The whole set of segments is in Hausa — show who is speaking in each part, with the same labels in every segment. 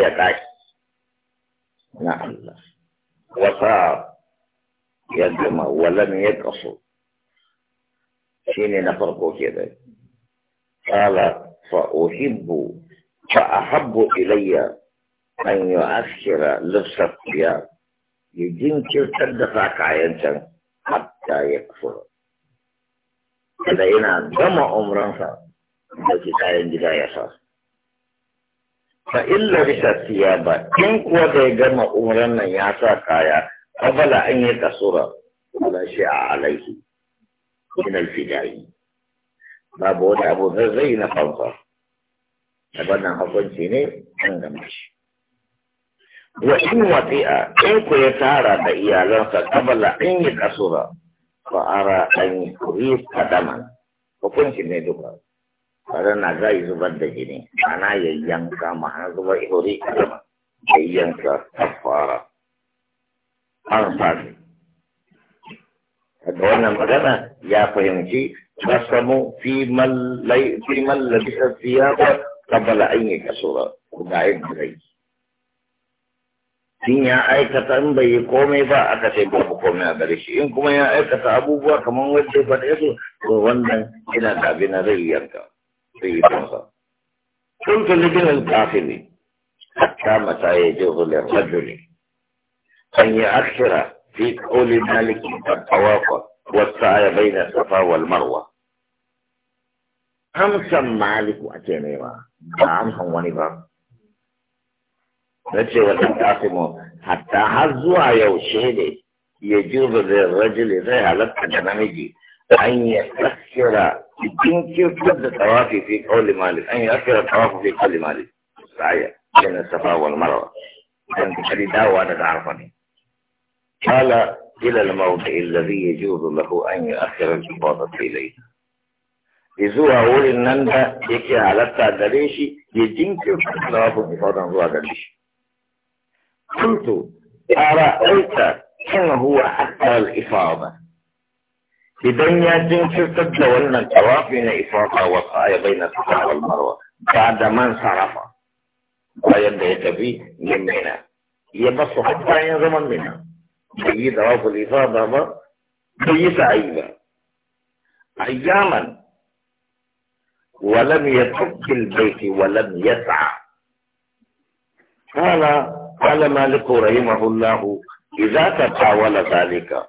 Speaker 1: ya tashi na Allah wasa ya gama ya kaso shi ne na farko ke da kala fa'ohibbu fa'ahabbu ilayya an yi askira lufsar ya ya jinkirtar da sa kayan can hatta ya kaso kada yana gama umransa da kayan gida ya sa fa illa bisa siyaba in kuwa bai gama umran nan ya sa kaya qabala an yi kasura wala shi'a alaihi min al babu wani abu zai na fanfa da wannan hukunci ne an gama shi wa in wati'a in ku ya tara da iyalansa qabala an yi kasura fa ara an yi kadama hukunci ne duka kada na zai zubar da jini ana yayyanka ma'ana zubar ihori kalma yayyanka kafara an fasi daga wannan magana ya fahimci kasamu fi mallai fi mallabi siyaba qabla an yakasura ga yin zai in ya aikata in bai yi komai ba aka sai babu komai a gare shi in kuma ya aikata abubuwa kamar wacce faɗe su to wannan ina da abin rai yanka بإيمانه قلت لابن حتى متى يجوز للرجل أن يأخر في قول مالك الطواف والسعي بين الصفا والمروة سم مالك أتيني ما هم ونبا نتشي والقاسم حتى هزوا يوشيني يجوز للرجل ذي هلت التنمجي أن يأخر في كل مالك أن يؤثر الطواف في كل مالك صحيح بين الصفا والمروة كان بشريدة وأنا تعرفني قال إلى الموضع الذي يجوز له أن يؤخر الإفاضة إليه izuwa wurin nan da yake halatta gare shi ya jinkirta da wafin ifadan zuwa gare shi. Kuntu, ƙara إذن يجن شرطة لولنا التواف من إفراق وصايا بين الصفا والمروة بعد ما انصرفا ويبدا يتبي يمينا يبص حتى يزمن منها سيد رب الإفاضة ما كيس أيضا أياما ولم يترك البيت ولم يسعى قال قال مالك رحمه الله إذا تطاول ذلك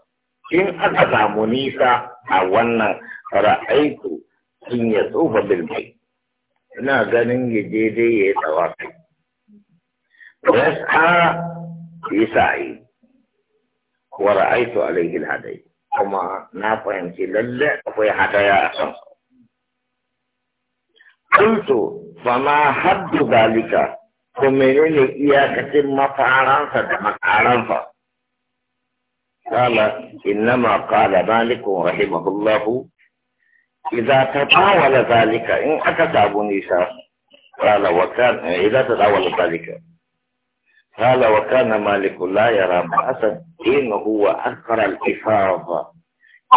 Speaker 1: in aka samu nisa a wannan ra'aitu in ya tsufa bilbai ina ganin ya je dai ya yi tsawafi yas'a yi wa ra'aitu alaihi hadai kuma na fahimci lalle akwai hadaya a kan kuntu ma haddu zalika ko menene iyakacin mafaransa da makaransa قال إنما قال مالك رحمه الله إذا تطاول ذلك إن أكد أبو نيسى قال وكان إذا تطاول ذلك قال وكان مالك لا يرى ما بأسا إن هو أخر الإفاظة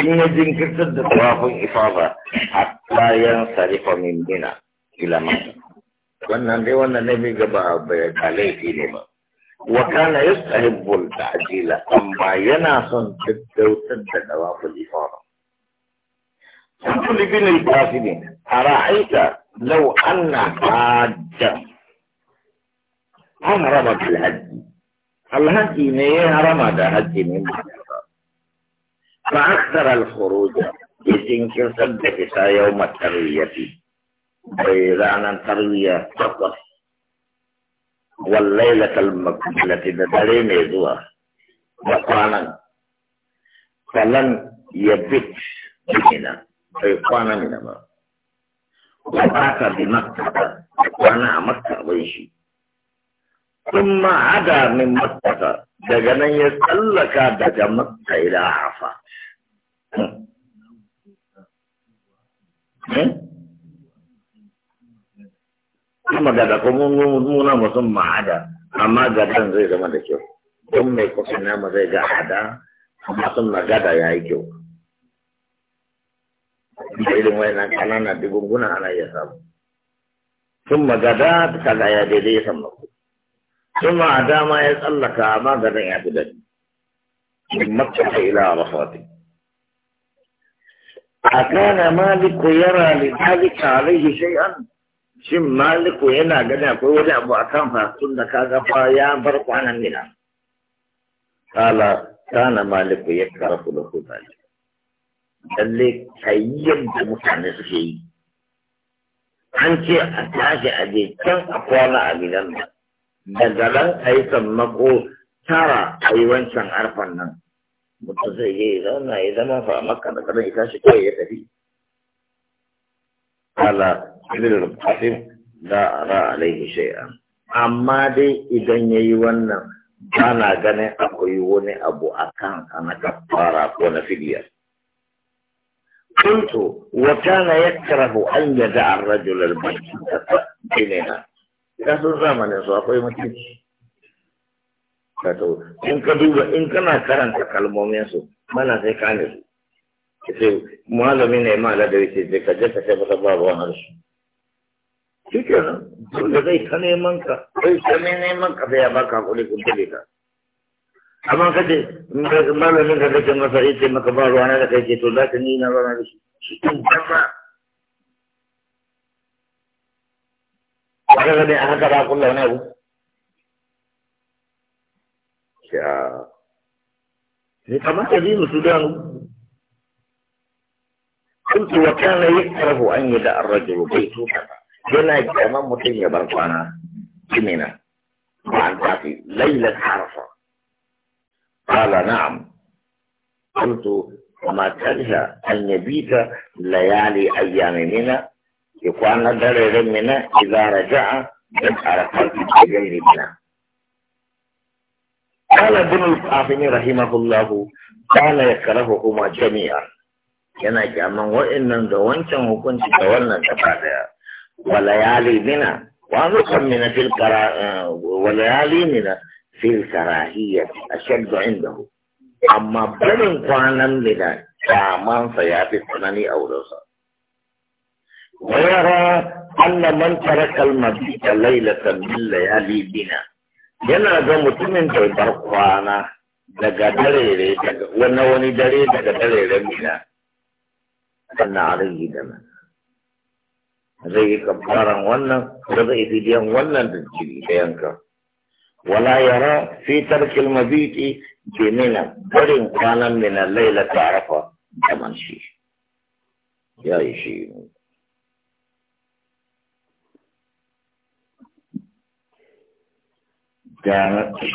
Speaker 1: إن ذكرت الطواف إفاضة حتى ينصرف من بنا إلى مكة wannan نبي wannan ne mai gaba bai kale وكان يستحب التعجيل أما يناسا تدوتد دواف الإفارة قلت لبين القاسم أرأيت لو أن حاجة أهرمت الهدي الهدي نيه هرم هدي من فأكثر الخروج يتنكر صدق يوم التروية بيرانا التروية تقص wallaila talmakulati da dare mai zuwa da kwanan falan yabit jikina kwanan kwana mina ba wa ka bi makka ba kwana a makka bai shi kun ma hada min makka daga nan ya tsallaka daga makka da hafa hmm? hmm?
Speaker 2: kuma gada kuma
Speaker 1: nuna musamman ma'ada, amma gadan zai zama da kyau don mai kusa nama zai ga hada amma sun na gada ya yi kyau da irin wayan kanana digunguna ana iya samu sun magada ta kaga ya daidai ya samu sun ma a dama ya tsallaka amma gadan ya fi dadi in makka ila arafati أكان مالك يرى لذلك عليه شيئا shin maliku yana gani akwai wani abu a kan fasun da ka gafa ya bar kwanan mina kala kana maliku ya karfu da ku zali lalle yi yadda mutane suke yi an ce a tashi a je can a kwana a gidan
Speaker 2: nan daga nan a yi
Speaker 1: sammako tara a yi wancan arfan nan mutum zai yi ya zauna ya zama fa makka da ya tashi kawai ya tafi kala ilil rufatin za a ra alaihi shay'a amma dai idan ya yi wannan ba na ganin akwai wani abu a kan na kafara ko na fidiyar kuntu wa kana yakrahu an yada ar-rajul al-bayyita dinina kasu zamanin su akwai mutunci kato in ka duba in kana karanta kalmomin su mana sai ka ne su ce malami ne ma da yake je ka je ka ce masa babu wani harshe shi ke nan dole zai ta neman ka zai ta neman ka sai ya baka kuɗi kun tale ka amma ka ce malamin ka kake masa ita maka ba ruwa na da kai ke to ni na da shi shi ɗin banza
Speaker 2: aka a haka ba
Speaker 1: ya ne kamata musu قال نعم قلت وما تنهى أن يبيت ليالي أيام منا يقوانا دليل منا إذا رجع من عرفات الجيل منا قال ابن القاسم رحمه الله قال يكرههما جميعا كان جامعا وإن من دوانشا وكنت دوانا تفاتيا وليالي منا ونسمن في الكرا وليالي منا في الكراهية أشد عنده أما بلن قانا منا كامان سيأتي الثماني أو رسا ويرى أن من ترك المبيت ليلة من ليالي بنا yana ga mutumin da bar kwana daga darere daga wani wani dare daga dareren mina sannan a rage da nan zai yi kafaran wannan ko zai fidiyan wannan da jiri da yanka wala yara fi tarkil mabiti jimina barin kwanan min laila ta arafa da shi ya yi shi da